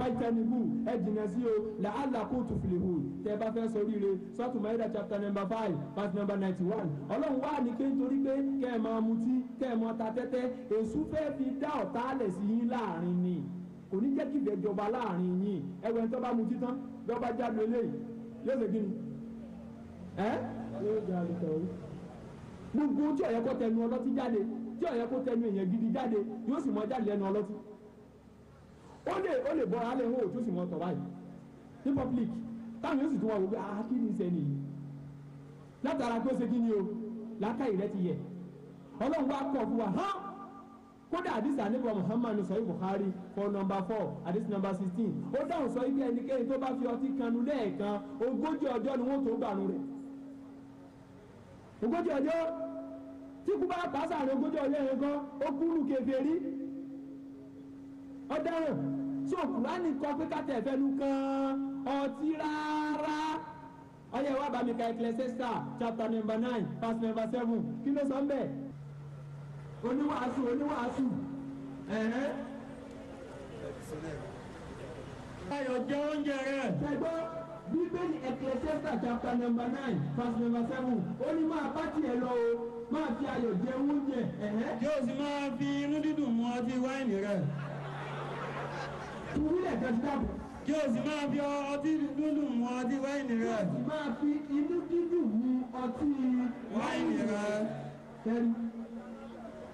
fàìtẹ́nibù ẹ sí o làálà kóòtù fìlìhù tẹ́ bá fẹ́ sọ ríire sọ́ọ̀tù maida chapter number five verse number ninety one ọlọ́run wà ní pé nítorí pé kẹ́ ẹ máa mutí kẹ́ ẹ máa ta tẹ́tẹ́ èṣù fẹ́ fi dá ọ̀tá alẹ̀ sí yín láàrin ni kò ní jẹ́ kí ìbẹ̀ jọba láàrin yín ẹwẹ́ tó bá mutí tán bí ọba jáde eléyìí yóò ṣe gíni ẹ́ gbogbo tí ọ̀yẹ́kọ́ tẹnu ọlọ́tí jáde tí ọ̀yẹ́kọ́ tẹnu èèyàn gidi jáde yóò sì mọ ó lè ó lè bọ́ra lẹ́hìn òtú sì mọ́ tọ́ báyìí ní public táwọn yóò sì tún wà wọ́n pé ah kí ni sẹ́ni yìí látara tó ṣe kí ni o látàrí rẹ ti yẹ ọlọ́run wá kọ̀ fún wa hàn kódà àdìsí àníbọ̀ Muhammad sọ̀rọ̀ Bukhari for number four àdìsí number sixteen ó dáhùn sọ ibi ẹnikẹ́ni tó bá fi ọtí kanu lẹ́ẹ̀kan ogójì ọjọ́ ni wọ́n tó gbànú rẹ̀ ogójì ọjọ́ tí kú bá pàṣẹ àrùn ogójì ọjọ́ yẹn gan ó kúrú kèfèrí ọ̀daràn tí òkúránì kọ pé káta ẹ̀fẹ́ kan ọtí rárá ọyẹ wa bá mi ka Ecclesiastes chapter number nine verse number seven kí ló sọ ń bẹ̀ oníwàásù oníwàásù ẹ̀hẹ́. ayọ̀ jẹ oúnjẹ rẹ̀. ṣẹgbọ́n bíbélì Ecclesiastes chapter number nine verse number seven ó ní máa bá tiẹ̀ lọ o máa fi ayọ̀ jẹ oúnjẹ. yóò sì máa fi inú dídùn mu ọtí wáìnì rẹ̀ ìwúlẹ̀ jẹ́ ti dàbò. kí o sì máa fi ọtí dúdùn mu ọtí wáìnì rẹ. kí o sì máa fi inú dídùn mu ọtí wáìnì rẹ. kẹrin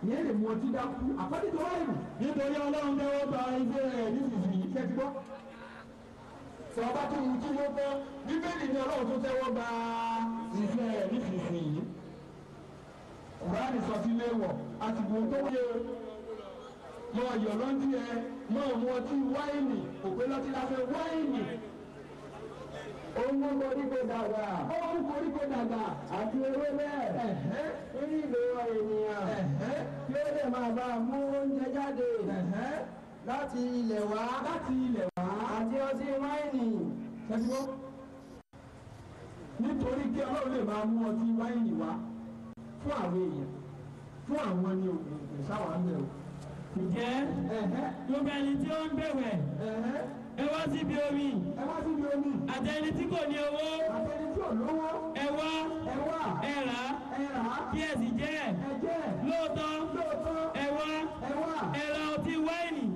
ìyẹn lè mu ọtí dákú àkọ́dé tó wáìnì. nítorí ọlọ́run tẹ́wọ́ gba iṣẹ́ rẹ̀ nísinsìnyí kẹ́tí gbọ́. sọ̀rọ̀ tó wù kí ló fẹ́ bíbélì ni ọlọ́run tó tẹ́wọ́ gba iṣẹ́ rẹ̀ nísinsìnyí. kùránì sọ sí léwọ̀ àtìgbò tó wáyé lọ́ọ̀yọ̀ lọ́ndí ẹ máa mu ọtí wáìnì òpè lọ́tí lásán wáìnì ó mú koríko dàgbà ó mú koríko dàgbà àti ewé bẹ́ẹ̀ nínú ìlera ènìyàn kí ó lè máa bá a mú oúnjẹ jáde láti ilẹ̀ wá láti ilẹ̀ wá àti ọtí wáìnì. ṣẹ́sibọ́ nítorí kí ọlọ́run lè máa mú ọtí wáìnì wá fún àwọn èèyàn fún àwọn ní òkùnkùn sáwọn àmì ẹ̀wọ̀n ǹjẹ́ gbogbo ẹni tí ó ń bẹ̀wẹ̀ ẹ wá síbi omi àtẹni tí kò ní owó ẹ wá ẹ rà kí ẹ sì jẹ́ lóòótọ́ ẹ wá ẹ ra ọtí wáìnì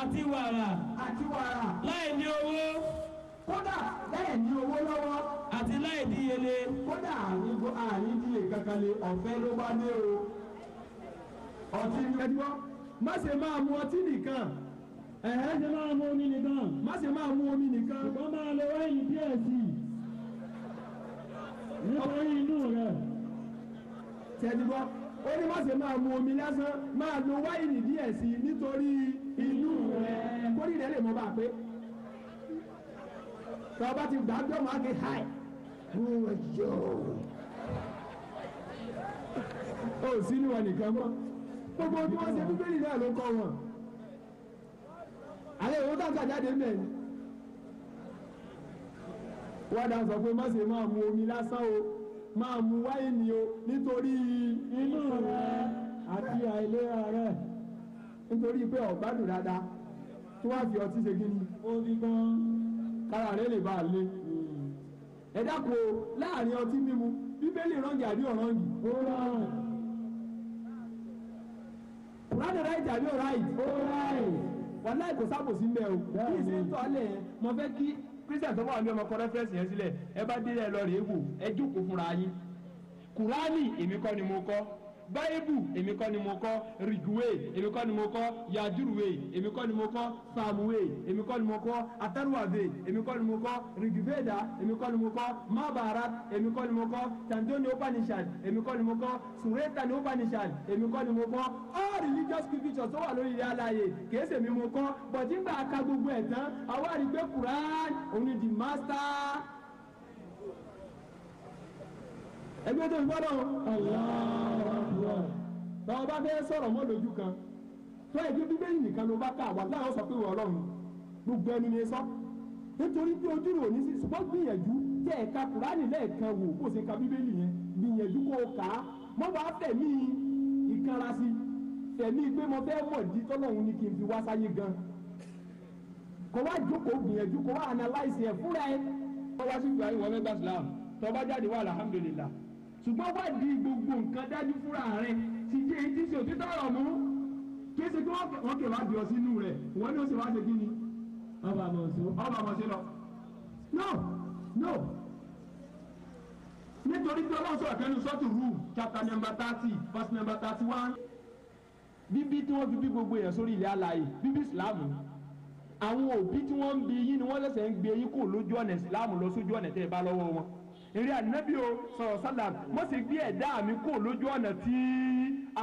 àti wàrà láì ní owó kódà láì ní owó lọ́wọ́ àti láì díyelé kódà àrídíye kankan lè ọ̀fẹ́ ló bá dé o ọtí ẹdúgbọ́ má ṣe máa mu ọtí nìkan ẹ̀hẹ́ ṣe máa mu omi nìkan má ṣe máa mu omi nìkan ṣùgbọ́n máa lo wáìnì díẹ̀ sí i nítorí inú rẹ̀. tẹ̀dúgbọ́ ó ní má ṣe máa mu omi lásán máa lo wáìnì díẹ̀ sí i nítorí inú rẹ̀ kórìíra lè mọ́ bá a pé tọ́ bá ti gbàgbọ́ máa fi háì wúwo yóò ó sí ní wọn nìkan mọ́ gbogbo bí wọ́n ṣe bíbélì náà ló kọ́ wọn àlẹ́ ìwọ́n tàgbà jáde ń bẹ̀ ni wọ́n dà sọ pé má ṣe máa mu omi lásán o máa mu wáìnì o nítorí inú rẹ àti àìlera rẹ nítorí pé ọ̀gbádùn dáadáa tó wá fi ọtí ṣe kí ni. ó ní gan. kára rẹ lè bá a ẹ dákun o láàrin ọtí mímu bíbélì rọ́ǹgì àbí ọ̀rọ̀ǹgì. ó rọrùn kùránì ráìtì àbí ọ̀ráìtì. ó ráìtì. wàláì kò sábò sí mbẹ o kí n sì ń tọ́ alẹ́ yẹn mo fẹ́ kí christian tó wà ní ọmọ kọ rẹ́fẹ́rẹ́sì yẹn sílẹ̀ ẹ bá délé ẹ lọ rèé wò ẹ jókòó fúnra yín kùránì èmi kọ́ ni mo kọ́ báyìbù èmi kọ́ ni mo kọ́ rìgúwé èmi kọ́ ni mo kọ́ yàjúrùwé èmi kọ́ ni mo kọ́ sàmùwé èmi kọ́ ni mo kọ́ atẹ́rùwàdé èmi kọ́ ni mo kọ́ rìgúvédà èmi kọ́ ni mo kọ́ mábàárà èmi kọ́ ni mo kọ́ chandoni upanishad èmi kọ́ ni mo kọ́ suretani upanishad èmi kọ́ ni mo kọ́ all religious scriptures tó wà lórí ilé aláyè kìí ṣèmi mo kọ́ bọ̀dí gbà ká gbogbo ẹ̀ tán àwa rí pé Quran òun ni the master ẹgbẹ́ tó ń gbọ́dọ̀ báwo bá fẹ́ sọ̀rọ̀ mọ́ lójú kan tó ẹ̀jẹ̀ gbígbé nìkan ló bá ká wà láwọn sọ pé wọ́n ọlọ́run gbogbo ẹnu ni sọ nítorí pé ojú rò ní sí ṣùgbọ́n gbìyànjú tẹ ẹ̀ka kùránì lẹ́ẹ̀kan wò kó o ṣe ka bíbélì yẹn gbìyànjú kó o kà á mọ́ wàá fẹ̀mí ìkanra sí fẹ̀mí pé mo fẹ́ mọ̀ di tọ́lọ́run ni kí n fi wá sáyé gan kó wá jókòó gbìyànjú kó wá analyse ẹ̀ fúnra ẹ̀. wọ́n wá sí ìgbà yìí wọ́n tọ́ bá jáde wà alhamdulillah ṣùgbọ́n wádìí gbogbo nǹkan dájú fúnra rẹ ti jẹ́ etí ṣe òtítọ́ ọ̀rọ̀ mú kése kí wọ́n kè wá di ọ sínú rẹ̀ wọ́n ní ó sì wá ṣe kí ni ọba àmọ̀ṣe lọ. no no nítorí pé ọlọ́run sọ̀rọ̀ kẹ́nu sọ́tù rúù chapter number thirty verse number thirty one bíbí tí wọ́n fi bí gbogbo èèyàn sórí ilẹ̀ alààyè bíbí ìsìláàmù àwọn òbí tí wọ́n ń bí yín ni wọ́n lẹ́sẹ̀ ń gbé yín kò lójú ọ̀nà ìsìláàmù lọ sójú ọ̀nà tẹ́ ẹ bá lọ́wọ́ wọn eré ànábì o sọ̀rọ̀ sálàm mo sì gbé ẹ̀dá mi kó lójú ọ̀nà tí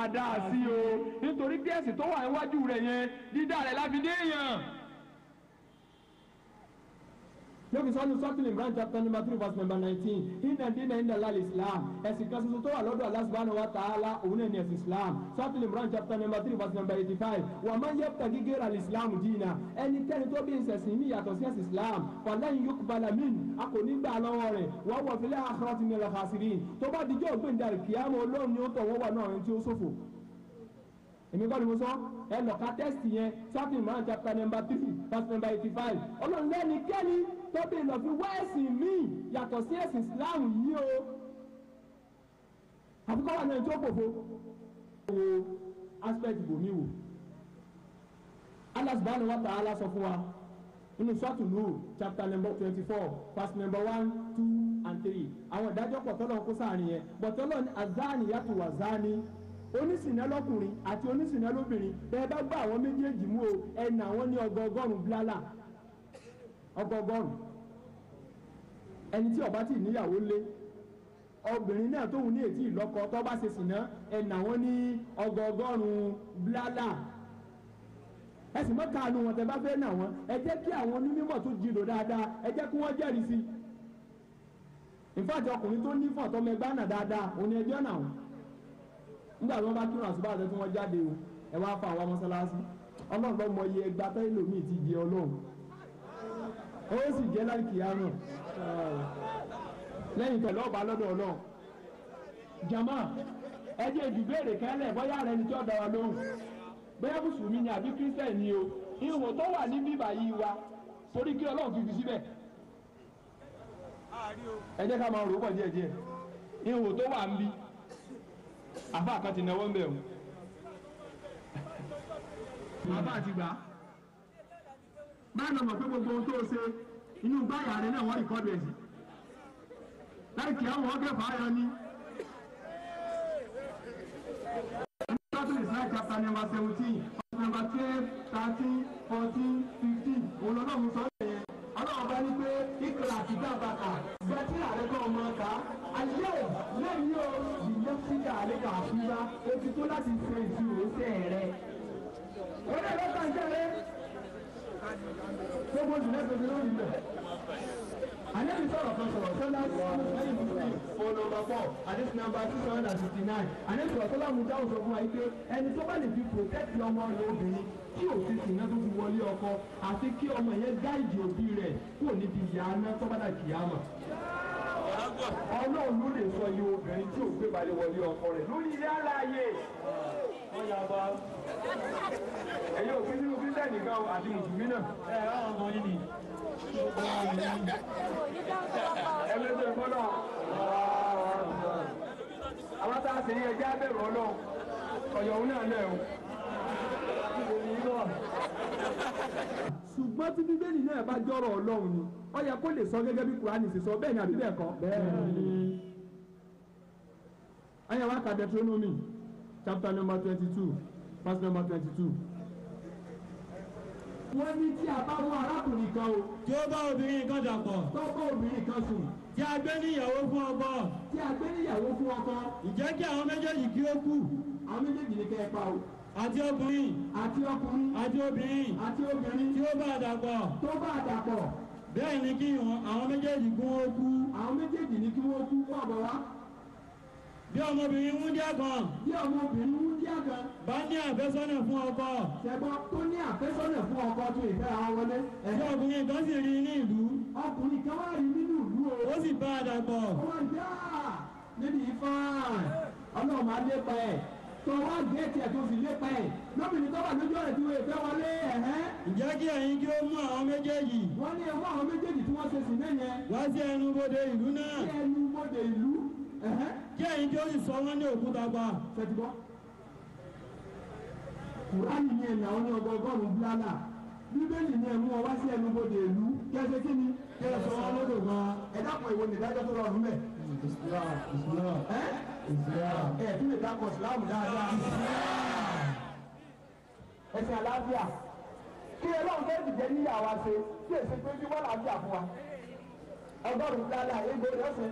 a dá a sí o nítorí pé ẹ̀sìn tó wà níwájú rẹ̀ yẹn dídá rẹ̀ láfi dé lókè sọ́nù sọ́tún Imran chapter number three verse number nineteen iná dínà iná islam ẹ̀sìn kan ṣoṣo tó wà lọ́dọ̀ Allah wa ta'ala òun náà ní islam sọ́tún Imran chapter number three verse number eighty five wa man yabtaghi ghayra al-islam dínà ẹnikẹ́ni tó bí ìṣẹ̀sìn ní yàtọ̀ sí ẹ̀sìn islam falan yuqbala min a kò ní gbà lọ́wọ́ rẹ̀ wa huwa fil akhirati minal khasirin tó bá dijọ́ ògbéǹdà kìámọ̀ olóòní ó tọ̀ wọ́n wà náà ẹni tí ó ṣòfò ẹ lọ ka tẹ́sì yẹn sáfì máa ń chapter number three verse number eighty five ọlọ́run lẹ́nikẹ́ni tó bí lọ míì yàtọ̀ sí ẹ̀sìn islam yìí o àfikọ́ wà ní gbòfo wo aspect bòmí wò Allah subhanahu wa ta'ala sọ fún wa nínú sọ́ọ̀tù lù chapter number twenty four verse number one two and three àwọn ìdájọ́ pọ̀ tọ́lọ́ kó sáà nìyẹn pọ̀ tọ́lọ́ ni azani yàtọ̀ wà zani. onísìnà lọ́kùnrin àti onísìnà lóbìnrin bẹẹ bá gbọ́ àwọn méjèèjì mú o ẹ nà wọ́n ní ọgọgọ́rùn bílálà ọgọgọ́rùn ẹni tí ó bá ti níyàwó lé obìnrin náà tóun ní ètí ìlọ́kọ tó bá ṣe sìnà ẹ nà wọ́n ní ọgọgọ́rùn bílálà ẹ sì mọ́ káàánú wọn tẹ bá fẹ́ nà wọ́n ẹ jẹ́ kí àwọn onímọ̀ tó jìnnà dáadáa ẹ jẹ́ kí wọ́n jẹ́rìí sí i ìfàjọkùnrin tó nífọ̀ tọmọ ẹgbẹ́ dáadáa òun ni ẹjọ́ náà wọ́n. nígbà tí wọ́n bá kírun àsùbá àtẹ tí wọ́n jáde o ẹ wá fa àwa mọ́sálásí ọlọ́run ló mọ iye ẹgbà tẹ́ lómi ti jẹ ọlọ́run ó sì jẹ́ láì kìyàmù lẹ́yìn pẹ̀lú ọba lọ́dọ̀ ọlọ́run jama ẹ jẹ́ ìdùbéèrè kẹ́lẹ̀ bóyá rẹ ni tí ó dá wa lóhùn bóyá mùsùlùmí ni àbí kírísítẹ̀ ni o ihò tó wà ní bíbà yìí wa torí kí ọlọ́run fi fi síbẹ̀ ẹ jẹ́ ká máa rò ó pọ̀ díẹ̀díẹ̀ ihò tó wà ń bí àbá kan ti náwó mbẹ o bàbá ti gbà báyìí lọ́mọ pé gbogbo ohun tó ṣe inú báyà rẹ náà wọ́n rìkọ́dù ẹ̀ sí láì kí àwọn ọgẹ́ fàáyọ ní. Nígbàtí ìsìláì chapter number seventeen number twelve thirteen fourteen fifteen òun lọ́dọ̀ mú sọ́ọ́ ọba ní pé ìkìlá ti dá bàtà gbàtí ààrẹ kan mọ ká ayé lẹ́yìn o ìyẹn ti dà lé kà fúnra o ti tó láti fẹ ìṣirò sẹ rẹ. wọ́n lè lọ́ta ìjẹ́rẹ́ gbogbo jùlọ ìgbèbí lórí rẹ̀. àlẹ́ mi sọ̀rọ̀ kan sọ̀rọ̀ sọ́lá sí ọ̀rọ̀ lẹ́yìn number four àdéhùn number six hundred and sixty nine And àdéhùn ọ̀tọ́lá mu dáhùn sọ fún wa pé ẹni tó bá lè fi protect ọmọ rẹ̀ obìnrin tí ò ti sìnà tó fi wọlé ọkọ àti kí ọmọ yẹn gáìdì òbí rẹ̀ kò níbi ìyá aná tó bá dàgbì yá mọ̀. ọlọ́run ló lè sọ iye obìnrin tí ò gbé balẹ̀ wọlé ọkọ rẹ̀ lórí ilé aláàyè ọ̀yàbá ẹ̀yọ́ òfin nínú kírísítẹ̀ nìkan àti mùsùlùmí náà. ẹ ẹ ọmọ yìí ni. ẹ lè tẹ fọlọ. àwọn tá a sì yẹ ẹjẹ́ abẹ́rù ọlọ́run ọyọ òun náà lẹ̀ o. ṣùgbọ́n tí bíbélì náà bá ọlọ́run ni ó yẹ kó lè sọ gẹ́gẹ́ bí sọ bẹ́ẹ̀ ni àbí bẹ́ẹ̀ kọ́. ayé wa ka Deuteronomy chapter two verse number twenty two wọ́n ní a bá arákùnrin kan o. bá obìnrin kan bá obìnrin kan sùn. tí a gbé níyàwó fún ọkọ. tí a gbé níyàwó fún ọkọ. ǹjẹ́ kí àwọn méjèèjì kí ó kù. àwọn méjèèjì ni kẹ́ ẹ pa o. àti ọkùnrin. àti ọkùnrin. àti obìnrin. àti obìnrin. tí ó bá dàpọ̀. tó bá dàpọ̀. bẹ́ẹ̀ ni kí àwọn méjèèjì kí wọ́n kú. àwọn méjèèjì ni kí wọ́n kú fún àbọ̀ wa bí ọmọbìnrin wúndíá kan. bí ọmọbìnrin wúndíá kan. bá ní àfẹ́sọ́nà fún ọkọ. ṣẹ̀gbọ́n tó ní àfẹ́sọ́nà fún ọkọ tó ìfẹ́ àwọn wọlé. tí ọkùnrin kan sì rí ní ìlú. ó sì bá àdàgbọ̀. ọmọ ìyá níbi ìfà ọlọ́run máa lépa ẹ̀ tọ́ wá gé tiẹ̀ tó fi lépa ẹ̀ lóbìnrin tó wà lójú ọ̀rẹ́ tí wọ́n fẹ́ wọlé ẹ̀hẹ́. ǹjẹ́ kí ẹ̀yin kí ó mú àwọn méjèèjì. wọ́n ní ẹ̀mú àwọn méjèèjì bíbélì ni ẹ̀mú ọwá sí ẹnu bodè ìlú kẹsẹ̀ kí ni kẹsẹ̀ sọ wọn lọ́dọ̀ gan ẹ dákun ìwọ ní ìdájọ́ tó rọrùn mẹ́. ẹ ẹ tún lè dákọ̀ ìsìláàmù dáadáa. ẹ̀sìn àlàáfíà kí ọlọ́run fẹ́ẹ́ dìjẹ́ níyà wa ṣe kí èsì pé bí wọ́n làáfíà fún wa ọgọ́rùn-ún dáadáa égbò lọ́sẹ̀.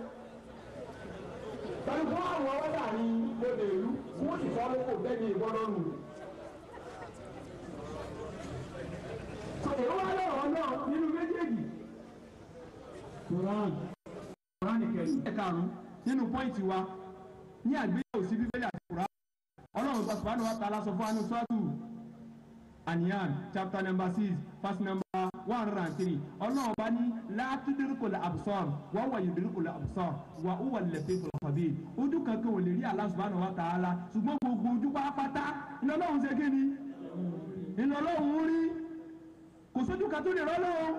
pẹ̀lú fún àwọn ọwọ́ dà ní bodè ìlú fún ìsọ́lókò bẹ́ẹ̀ ni ìbọn lọ́rùn ẹ̀karùn nínú pọ́ìntì wa ní àgbéyẹ̀wò sí bíbélì àti kùránì ọlọ́run bá subhanahu wa ta'ala sọ fún anú sọ́ọ̀tù aniyan chapter number six verse number one hundred and three ọlọ́run bá ní látúndínlùkọ̀lẹ̀ absar wọ́n wà yìndínlùkọ̀lẹ̀ absar wà ó wà lẹ́fẹ̀ẹ́ kọ̀lẹ̀ kọ̀bí ojú kankan ò lè rí Allah subhanahu wa ta'ala ṣùgbọ́n gbogbo ojú pátápátá iná ọlọ́run ṣe kí ni iná ọlọ́run rí kò sójú kan lè rọ́ lọ́wọ́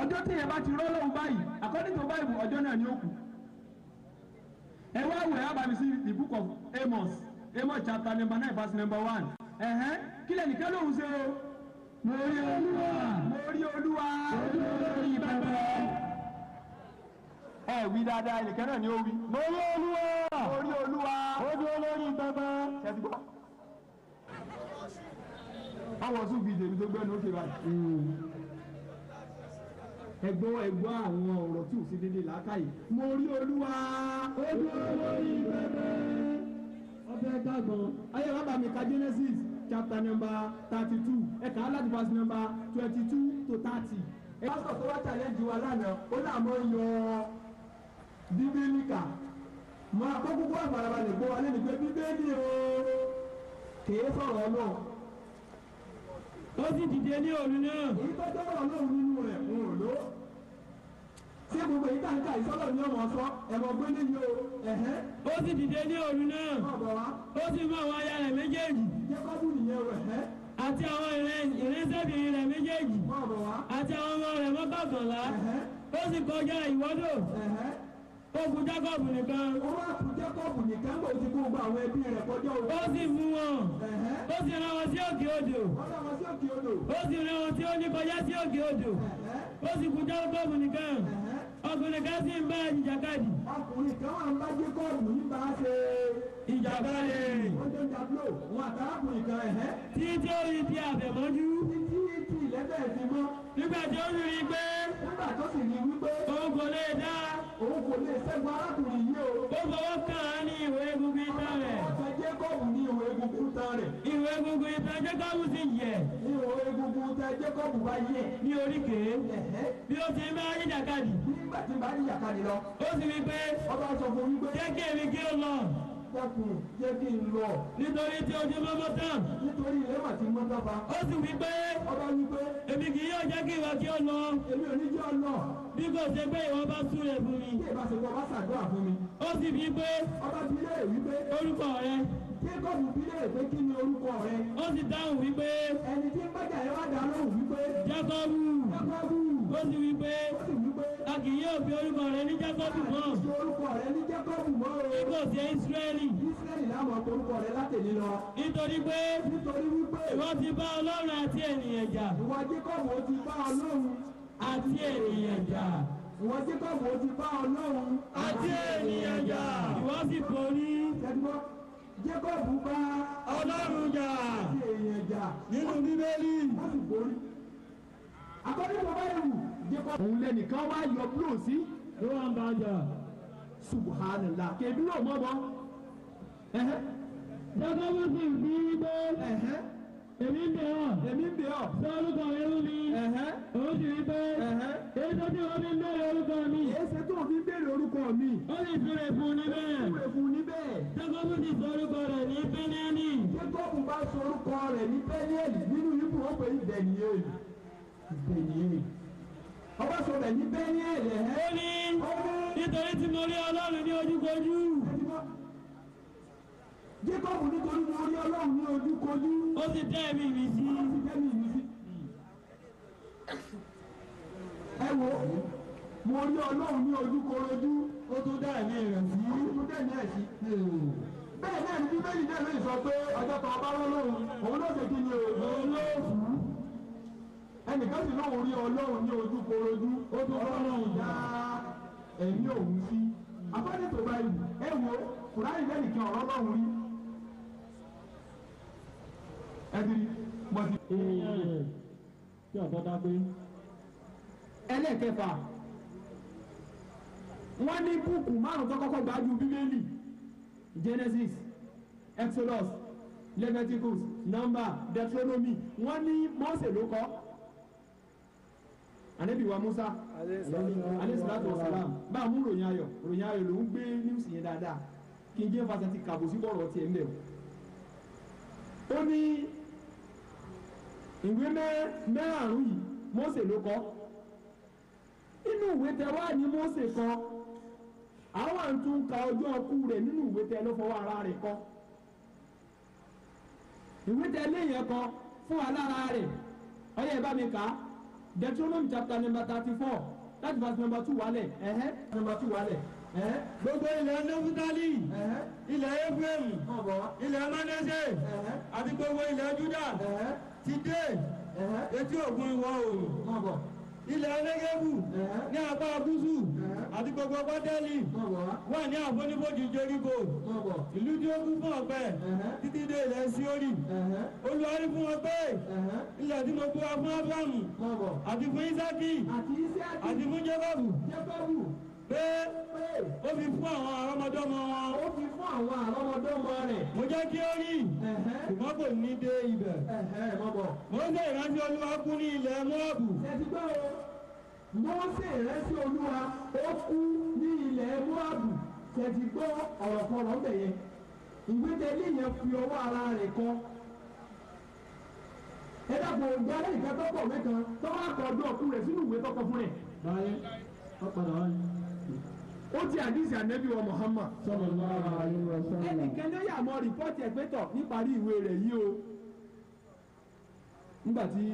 ọjọ́ tí èèyàn bá ti rọ́ lọ́hùn báyìí according to bible ọjọ́ náà ni ó kù ẹ wá wẹ̀ abàmì sí the book of Amos Amos chapter number nine verse number one ẹ̀hẹ́n kílẹ̀ nìkan lòun ṣe o mo rí olúwa mo rí olúwa olórí bàbá ẹ wí dáadáa ẹnìkan náà ni ó wí mo rí olúwa mo rí olúwa olórí bàbá ṣẹ́tìgbọ́ àwọn ọ̀sùn bíi ìdèmí tó gbẹ́nu ó ṣe báyìí ẹgbọ́ ẹgbọ́ àwọn ọ̀rọ̀ tí ò sí dédé làákàyè mo rí olúwa ó dúró lórí pẹpẹ ọbẹ̀ gbàgbọ́n ayé wa bá mi ka Genesis chapter number thirty two ẹ̀ka aláàdì verse number twenty two to thirty. pásítọ̀ tó wá challenge wa lánàá ó náà mọ̀ yọ bíbélì kà mọ akókókó àfarabalẹ̀ gbọ́ wa lẹ́nu pé bíbélì o kèé sọ̀rọ̀ náà. ó sì dìde ní òru náà. èyí tó jọ́rọ̀ náà nínú rẹ̀ gbogbo yìí tàǹkà ìsọ́lọ̀ ní ọmọ sọ ẹ̀mọ gbé ní yìí o. ó sì dìde ní òru náà ó sì mú àwọn aya rẹ̀ méjèèjì. jẹ́kọ́bù nìyẹn rẹ̀ àti àwọn ìrẹsẹ̀bìnrin rẹ̀ méjèèjì àti àwọn ọmọ rẹ̀ mọ́kànlá ó sì kọjá ìwọ́dò ó kù jákọ́bù nìkan. ó wá kù jákọ́bù nìkan kó ti kú gba àwọn ẹbí rẹ̀ kọjá òru. ó sì mú wọn ó sì rán wọn sí òkè odò ó sì rán wọn sí ó ní kọjá sí òkè odò ó sì kù jákọ́bù nìkan ọkùnrin kan sì ń bá ìjàkadì. ọkùnrin kan wà ń bá Jákọ́bù nígbà ṣe. ìjàkadì. ó jẹ́ jablo wọn àtàkùnrin kan ẹ̀hẹ́. títí ó rí ti àfẹ̀mọ́jú. títí ti ìlẹ́bẹ̀ fi mọ́. nígbà tí ó rí i pé. nígbà tó sì rí i wípé. òun kò lè dá. òun kò lè ṣẹ́gun arákùnrin yìí o. ó fọwọ́ kàn án ní ìwé egungun itan rẹ̀. ọkọ̀ Jákọ́bù ní ìwé egungun itan rẹ̀. ìwé ọ̀dọ̀ Jacob wá yẹ. ní oríkèé bí ó ti máa rí jàkadì. nígbà tí bá rí jàkadì lọ. ó sì wí pé ọba sọ fún mi pé. jẹ́ kí èmi kí ó lọ. dákun jẹ́ kí n lọ. nítorí tí ojú mọ́ mọ́ tán. nítorí ilé mà ti mọ́ tọ́ba. ó sì wí pé. ọba wí pé. èmi kì yóò jẹ́ kí ìwà kí ó lọ. èmi ò ní jẹ́ ọ lọ. bí kò ṣe pé ìwọ bá súre fún mi. bí ìbáṣepọ̀ bá ṣàdúrà fún mi. ó sì wí pé. ọba ti lé Jacob bílẹ̀ pé kí ni orúkọ rẹ. ó sì dáhùn wípé. ẹni tí ń bàjẹ́ yẹn wá dá lóhùn wípé. Jacob. Jacob. ó sì wípé. ó sì wípé. a kì yóò fi orúkọ rẹ ní Jacob mọ́. a kì í fi orúkọ rẹ ní Jacob mọ́ o. ibò sí Ísírẹ́lì. Ísírẹ́lì láwọn orúkọ rẹ látẹ̀lé lọ. nítorí pé. nítorí wípé. ìwọ ti bá Ọlọ́run àti ènìyàn jà. ìwọ Jacob ó ti bá Ọlọ́run àti ènìyàn jà ìwọ Jacob ó ti bá Ọlọ́run àti ènìyàn jà. ìwọ sì borí. ṣẹ́dúgbọ́. Jacob bá Ọlọ́run jà nínú bíbélì. Akọ́dé bàbá ewu. Òun lẹnìkan wá yọ búrò sí. Ló wà ń bá jà. Subhanallah. Kèbí ló mọ̀ bọ́. Jacob sì bí bẹ́ẹ̀ èmi ń bẹ̀ ọ́ èmi ń bẹ̀ ọ́ sọ orúkọ rẹ wú mi ó sì rí pé èso tí wọ́n fi ń bẹ̀rẹ̀ orúkọ mi. èso tí wọ́n fi ń bẹ̀rẹ̀ orúkọ mi. ó sì súre fún un níbẹ̀. ó sì súre fún un níbẹ̀. jákọ́bù ti sọ orúkọ ni, ní pẹ́niẹ́lì. jákọ́bù bá sọ orúkọ rẹ̀ ní pẹ́niẹ́lì nínú ibù ó pè é bẹ̀nìyẹ́lì bẹ̀nìyẹ́lì ọba sọ bẹ̀ ní pẹ́niẹ́lì. ó ní nítorí tí mo rí ọlọ́run ní ojúkojú. Jacob nítorí mo rí Ọlọ́run ní ojúkojú. ó sì tẹ́ mi mi sí. ó sì tẹ́ mi mi sí. ẹ wo mo rí Ọlọ́run ní ojúkorojú ó tún dá ẹ̀mí rẹ̀ sí. ó tún dá ẹ̀mí rẹ̀ sí. bẹ́ẹ̀ náà ni bíbélì náà lè sọ pé ọjọ́ kan ọba wọn òun ló ṣe kí ni òun ló fún un. ẹnìkan sì lóhùn rí Ọlọ́run ní ojúkorojú ó tún Ọlọ́run dá ẹ̀mí òun sí. afọ́nìtò báyìí ẹ wo kùráyìn lẹ́nìkan ọ̀rọ̀ Ọlọ́run rí ẹbí bọ́sí. kí ọ̀dọ́ dá pé. ẹlẹ́kẹfà wọ́n ní búùkù márùn tó kọ́kọ́ gbájú bíbélì Genesis Exodus Leviticus Number Deuteronomy wọ́n ní Mósè ló kọ anabi wa Musa aleṣalatu wasalam bá a mú ròyìn ayọ̀ ròyìn ayọ̀ ló ń gbé news yẹn dáadáa kí n jẹ́ fásitì kàbọ̀ sí bọ̀rọ̀ tiẹ̀ ń bẹ̀ o ní ìwé mẹ́rààrún yìí Mósè ló kọ inú ìwé tẹ wá ní Mósè kọ àwọn àtún ka ọjọ́ ọkú rẹ̀ nínú ìwé tẹ ló fọwọ́ ara rẹ̀ kọ ìwé tẹ léyìn ẹ̀kọ́ fún alára rẹ̀ ọyẹ bá mi kà á Deuteronomy chapter number thirty four láti verse number two wálẹ̀ ẹ̀hẹ́ number two wálẹ̀ gbogbo ilẹ̀ nẹ́fútálì ilẹ̀ efraim ilẹ̀ manase àti gbogbo ilẹ̀ juda ti dé etí ògùn ìwọ̀ oòrùn ilẹ̀ ẹlẹ́gẹ́bù ní apá gúúsù àti gbogbo pátẹ́lì wà ní àfonífojì jerigo ìlú tí ó kún fún ọ̀pẹ títí dé ilẹ̀ síórì olùwárí fún ọpẹ́ ilẹ̀ tí mo gbúra fún ábúrámù àti fún ísákì àti fún jẹ́kọ̀bù pé ó fi fún àwọn àrọ́mọdọ́mọ wọn. ó fi fún àwọn àrọ́mọdọ́mọ rẹ̀. mo jẹ́ kí ó rí ṣùgbọ́n kò ní dé ibẹ̀. mo ń ṣe ìrántí olúwa kú ní ilẹ̀ mọ́ọ̀bù. ẹ ti gbọ́ o mọ́ọ́sẹ̀ ìrántí olúwa ó kú ní ilẹ̀ mọ́ọ̀bù ṣe gbọ́ ọ̀rọ̀ fọlọ́ ńbẹ̀ yẹn ìwé yẹn fi ọwọ́ ara rẹ̀ kọ ẹ dàpọ̀ ògbẹ́ alẹ́ ìka tọ́pọ̀ mẹ́kan tọ́wọ́ ó ti àdìsí ànẹ́bí wa Muhammad. sallallahu alaihi wasallam. ẹnìkan ló yà mọ rìpọ́tì ẹ̀gbẹ́tọ̀ níparí ìwé rẹ̀ yìí o nígbà tí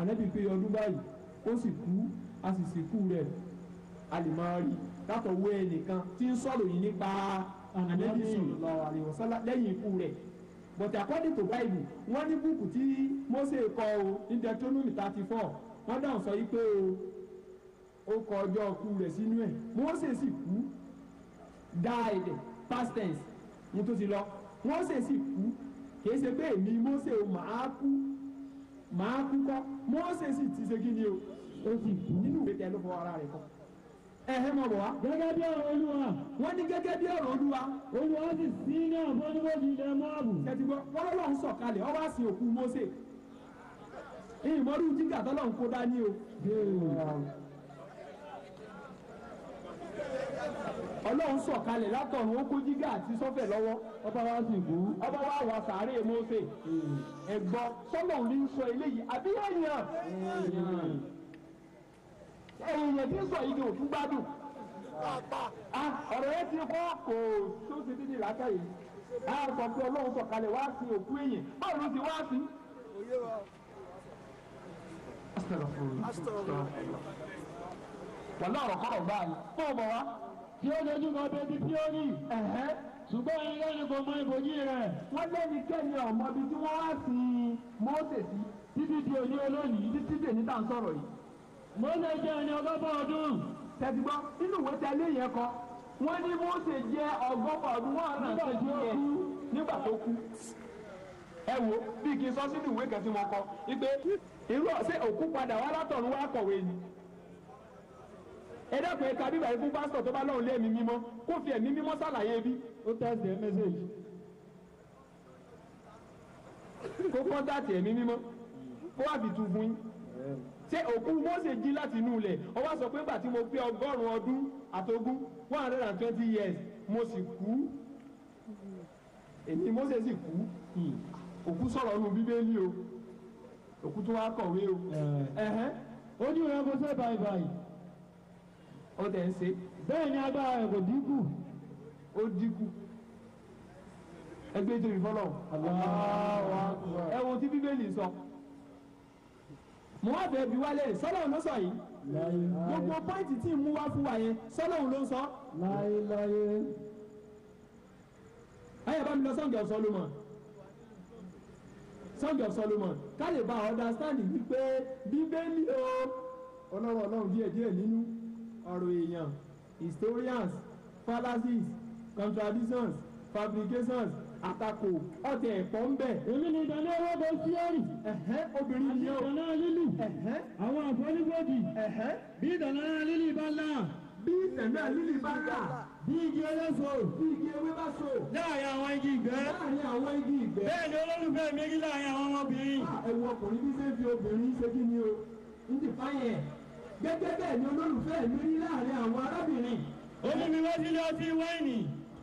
ànẹ́bí pé ọdún báyìí ó sì kú a sì sìnkú rẹ̀ a lè máa rí látọwọ́ ẹnìkan tí ń sọ̀rọ̀ yìí nípa ànẹ́bí sallallahu alaihi wasallam lẹ́yìn ikú rẹ̀ but according to bible wọ́n ní búùkù tí Mósè kọ o ní Deuteronomy thirty four wọ́n dáhùn sọ yìí pé o ó kọ ọjọ́ ọkú rẹ̀ sínú ẹ̀ Mósè sì kú died past tense ní tó ti lọ Mósè sì kú kìí ṣe pé èmi Mósè o màá kú màá kú kọ́ Mósè sì ti ṣe kí ni o ó ti kú nínú ìwé tẹ ló fọ ara rẹ̀ kọ́ ẹ̀hẹ́ mọ̀ bọ̀ wá. gẹ́gẹ́ bí ọ̀rọ̀ olúwa. wọ́n ní gẹ́gẹ́ bí ọ̀rọ̀ olúwa. olúwa ti sí ní àfọ́núwọ́jì ilẹ̀ mọ́àbù. ṣètì gbọ́ wọ́n lọ́wọ́ ń sọ̀kalẹ̀ ọwọ́ àsìn òkú Mósè. ìmọ̀rú jígà tọ́lọ́ ń kó dání o ọlọ́run sọ̀kalẹ̀ látọ̀run ó kó jígà àti sọ́fẹ̀ lọ́wọ́ ọba wa sì kú ọba wa wà sàárè Mósè ẹ̀gbọ́n sọ́lọ́run ní sọ eléyìí àbí èèyàn èèyàn tí ń sọ yìí ni òtún gbádùn ọ̀rọ̀ yẹn ti kọ́ kò tó ti dídì látà yìí a sọ pé ọlọ́run sọ̀kalẹ̀ wá sí òkú èèyàn báwo ló ti wá sí. Astagfirullah. Astagfirullah. Wàlá ọ̀rọ̀ kọ́rọ̀ Fún ọmọ wa tí ó dojú kọ bébí píórì ṣùgbọ́n ẹnikẹ́ni kò mọ ibòjì rẹ̀. wọ́n lẹ́nikẹ́ni ọ̀mọ ibi tí wọ́n wá sí Mósè sí títí di òní olónìí títí dèní tá à ń sọ̀rọ̀ yìí. Mósè jẹ́ ẹni ọgọ́fà ọdún. tẹ̀sígbọ́n nínú ìwé tẹ́lẹ̀ yẹn kọ wọ́n ní Mósè jẹ́ ọgọ́fà ọdún wọn àná ìṣẹ́jú yẹn nígbà tó kú. ẹ wo bí kì í sọ sínú ìwé kẹsí wọn kọ ipe irú ọ̀sẹ̀ òkú padà wá látọ̀run wá kọ̀wé ni ẹ dẹ́kun ẹ̀ka bíbá yìí fún pásítọ̀ tó bá lọ́hùn lé ẹ̀mí mímọ́ kó fi ẹ̀mí mímọ́ sàlàyé bí. ó tẹ̀sí ẹ mẹ́sẹ̀gì. kó kọ́ńtàtì ẹ̀mí mímọ́ kó wà fi tu fún yín. ṣé òkú Mósè jí láti inú ilẹ̀ ó wá sọ pé gbà tí mo pé ọgọ́rùn-ún ọdún àtogún one hundred and twenty years mo sì kú èmi Mósè sì kú hmm. òkú sọ̀rọ̀ nù bíbélì o òkú tó wá kọ̀wé o. ó ní ìrànwọ́ sẹ́ báyìí báyìí ó tẹ̀ ń ṣe bẹ́ẹ̀ ni agbára rẹ̀ kò dínkù ó dínkù ẹgbẹ́ tóbi fọlọ́ ẹ wo tí bíbélì sọ mo wá bẹ̀ẹ́ bí wálé sọ́lọ́ ló sọ yìí gbogbo pọ́ìntì tí ń mú wá fún wa yẹn sọ́lọ́ ló sọ. ayé bá mi lọ sọ́ǹgì ọ̀sán ló mọ̀ sọ́ǹgì ọ̀sán ló mọ̀ ká lè bá understand wípé bíbélì o ọlọ́run ọlọ́run díẹ̀ díẹ̀ nínú ọ̀rọ̀ èèyàn historians fallacies contradictions fabrications àtakò ọtẹ ẹ̀kọ́ ń bẹ. èmi ni ìdáná owó bó síẹ́rì. obìnrin ni o. àti ìdáná lílù. àwọn àfọlígbòdì. bí ìdáná lílù bá là. bí ìdáná lílù bá là. bí igi eléso. bí igi ewé bá so. láàrin àwọn igi ìgbẹ́. láàrin àwọn igi ìgbẹ́. bẹ́ẹ̀ ni olólùfẹ́ mi rí láàrin àwọn ọmọbìnrin. Ah, ẹ̀wọ̀n ọkùnrin bí sẹ́ńfì obìnrin ṣe kí ni o. ń tì fáyẹ̀ gẹ́gẹ́ bẹ́ẹ̀ ni olólùfẹ́ mi rí láàrin àwọn arábìnrin. ó mú mi wá sílé ọtí wáìnì.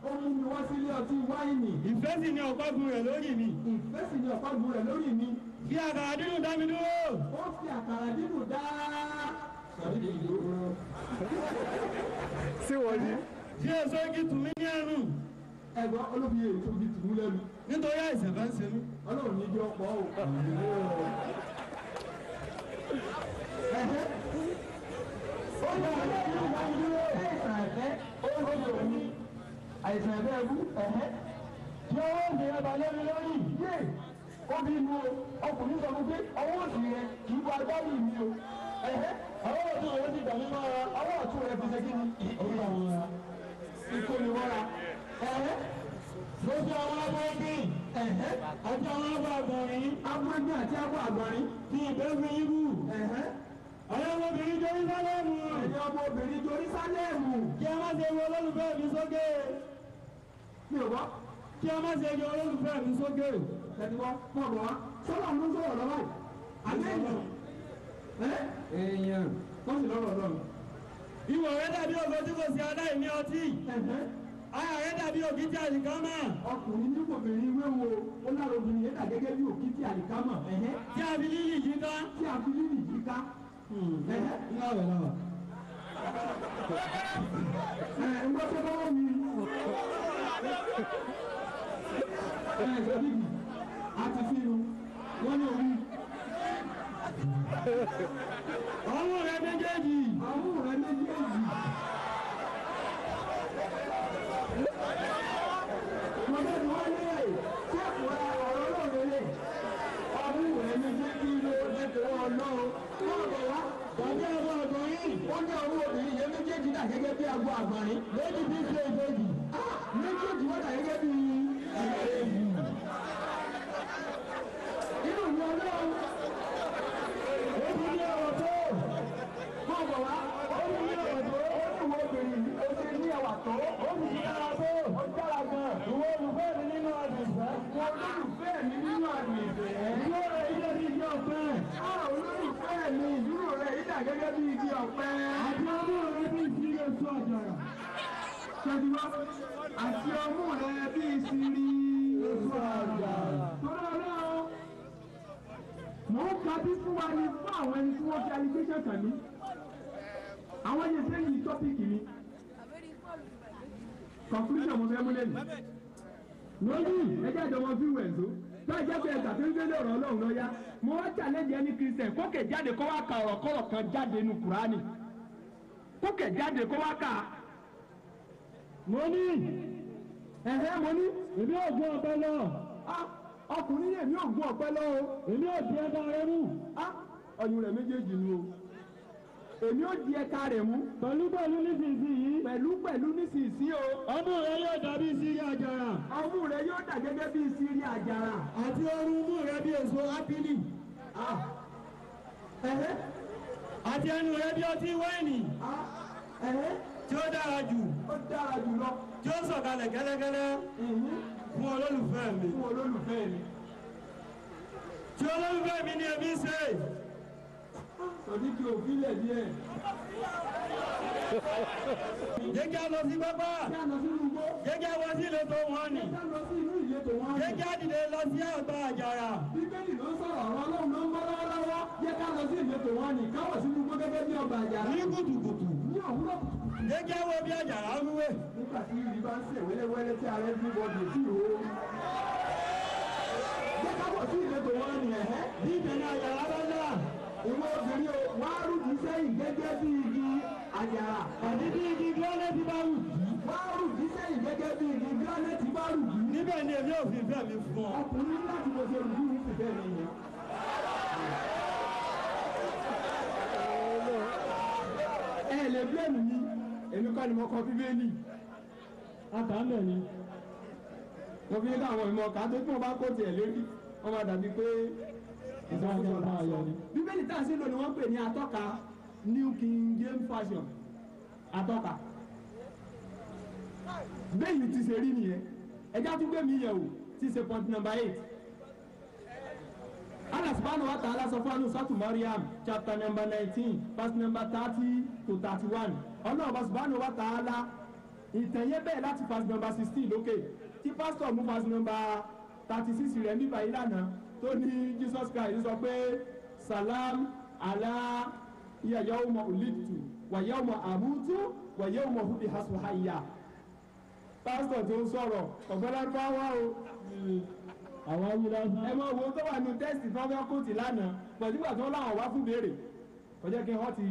ó mú mi wá sílé ọtí wáìnì. ìfẹ́ sì ni ọ̀págun rẹ̀ lórí mi. ìfẹ́ sì ni ọ̀págun rẹ̀ lórí mi. fi àkàrà dídùn dá mi dúró. ó fi àkàrà dídùn dá. sí wọ́n yí. ṣé èso igi tù mí ní ẹnu. ẹ̀gbọ́n olóbi èso igi tù mí lẹ́nu. nítorí àìsàn bá ń ṣe mí. ọlọ́run jọ pọ̀ ọ́ àìsàn ẹ̀fẹ́ ẹ̀rú ẹ̀hẹ́ tí ọwọ́ òsì rẹ balẹ̀ mi lórí yé obì mu o ọkùnrin sọ fún pé ọwọ́ òsì rẹ kì í bọ agbárí mi o ẹ̀hẹ́ ọwọ́ ọ̀tún rẹ ti dàmí mọ́ra ọwọ́ ọ̀tún rẹ fi ṣe kí ni èyí àwọn ọ̀ra ikú ni mọ́ra ẹ̀hẹ́ lójú àwọn ọmọ ẹbí ẹ̀hẹ́ àti àwọn ọmọ àgbọ̀nrín agbọ̀nrín àti àgbọ̀nrín fi ìbẹ́wò irú ẹ̀hẹ́ ẹ̀yin ọmọbìnrin Jerúsálẹ́mù. ẹ̀yin ọmọbìnrin Jerúsálẹ́mù. kí ẹ má ṣe wo olólùfẹ́ mi sókè. mi ò wá. kí ẹ má ṣe wo olólùfẹ́ mi sókè. ẹni wá mọ̀ bọ̀ wá. sọ́lá ló ń sọ̀rọ̀ lọ́wọ́ yìí. àlẹ́ èèyàn. èèyàn. wọ́n sì lọ́rọ̀ lọ́rọ̀. ìwọ rẹ dàbí ògbó tí kò sí aláìní ọtí. Ara rẹ̀ dàbí òkìtì àlìkámà. Ọkùnrin ní obìnrin wéwo ó lára obìnrin yẹn dà gẹ́gẹ́ bí òkìtì àlìkámà. Tí a fi lílì yìí ká. Tí a fi lílì yìí ká láwẹ̀ láwà. ẹ ń gbọ́ sọ́kọ́ wọ́n mi. ẹ ẹ sọ bíbí àti fínu wọ́n ní rẹ méjèèjì. ọwọ́ rẹ méjèèjì. ní ọwọ́ obìnrin yẹn méjèèjì dà gẹ́gẹ́ bí agbo àgbọ̀nrín. méjì bí ṣe ìbejì méjèèjì wọ́n dà gẹ́gẹ́ bí ṣèdúró àti ọmú rẹ bí ìsinmi èso àgbà tọ́lá ọlọ́run mò ń kábí fún wa ní fún àwọn ẹni tí wọ́n fi allegation kàn mí àwọn yẹn sẹ́yìn tọ́pìkì mi conclusion mo fẹ́ mú lẹ́yìn lórí ẹjẹ́ ìjọba fi wẹ̀ ǹzó tó ẹjẹ́ pé ẹ̀ka tó ń gbélé ọ̀rọ̀ ọlọ́run lọ́yà mo wá challenge ẹni christian kókè jáde kó wá ka ọ̀rọ̀ kọ̀rọ̀ jáde nu kùránì kókè jáde kó wá ka mo ní ẹ̀hẹ́ mo èmi ò gún ọ̀pẹ lọ. Ah, ọkùnrin yẹn ò ọ̀pẹ lọ o. èmi ò di rẹ mú. Ah, rẹ méjèèjì o èmi ò di ẹ̀ka rẹ mú. pẹ̀lú pẹ̀lú nísinsìnyí. pẹ̀lú pẹ̀lú nísinsìnyí o. ọmú rẹ yóò dà sírí àjàrà. ọmú rẹ yóò dà gẹ́gẹ́ bí sírí àjàrà. àti ọrùn mú rẹ bí èso ah, àti ẹnu rẹ bí ọtí tí ó dára jù ó dára jù lọ tí ó sọ̀kalẹ̀ gẹ́lẹ́gẹ́lẹ́ fún olólùfẹ́ mi fún olólùfẹ́ mi tí olólùfẹ́ mi ni èmi ṣe oníkì òfin lẹ̀ díẹ̀. jẹ́ kí a lọ sí pápá jẹ́ kí a wọ sí ìletò wọn ni jẹ́ kí a dìde lọ sí àgbà àjàrà. bíbélì ló sọ̀rọ̀ ọ̀rọ̀ ọlọ́run ló ń bọ́ lọ́wọ́lọ́wọ́ jẹ́ ká lọ sí ìletò wọn ni káwọ̀ sínú gbọ́ bí ọgbà àjàrà. ní kùtùkùtù òwúrọ̀ kùtùkùtù. jẹ́jẹ́ wo bí àjàrà ń wé. nígbà tí yìí bá ń sè wẹ́lẹ́wẹ́lẹ́ tí ààrẹ bí bọ́dù sí o. jẹ́ ká bọ̀ sí ìletò wọn ni ẹ̀. bí ìdènà àjàrà bá dà. ìwọ obìnrin o wá rúdi sẹ́yìn gẹ́gẹ́ bí igi àjàrà. àti bí igi gíránẹ́tì bá rù jù. wá rúdi sẹ́yìn gẹ́gẹ́ bí igi gíránẹ́tì bá rù jù. níbẹ̀ ni èmi ò fi bẹ́ẹ̀ mi fún ọ. ọkùnrin láti mo lè blame mi èmi kọ́ ni mo kọ bíbélì àtàlẹ̀ ni mo fi ká àwọn ìmọ̀ ká tó tí mo bá kó tiẹ̀ lórí wọ́n máa dàbí pé ìsọfúnṣọ lásán bíbélì tá a sì lò ni wọ́n pè ní atọ́ka New King James Version atọ́ka bẹ́ẹ̀ yìí ti ṣe rí nìyẹn ẹjá tún gbé mi yẹ̀ wò ti ṣe point number eight. Allah subhanahu wa ta'ala sọ fún to Maryam chapter number nineteen verse number thirty to thirty one ọlọ́ọ̀bá subhanahu wa ta'ala ìtàn yẹn bẹ́ẹ̀ láti verse number sixteen lókè tí pásítọ̀ mú verse number thirty six rẹ̀ níbà yìí lánàá tó ní Jesus Christ sọ pé salam ala iya yawma ulitu wa yawma amutu wa yawma hubi hasuhaya pásítọ̀ tó ń sọ̀rọ̀ ọ̀gbọ́n lárúbáwá o àwọn awí lásán. ẹ máa wo tó wà ní tẹ́sítì fáfẹ́ kóòtù lánàá pẹ̀lú ìgbà tó láwọn wá fún béèrè kọjá kí wọ́n ti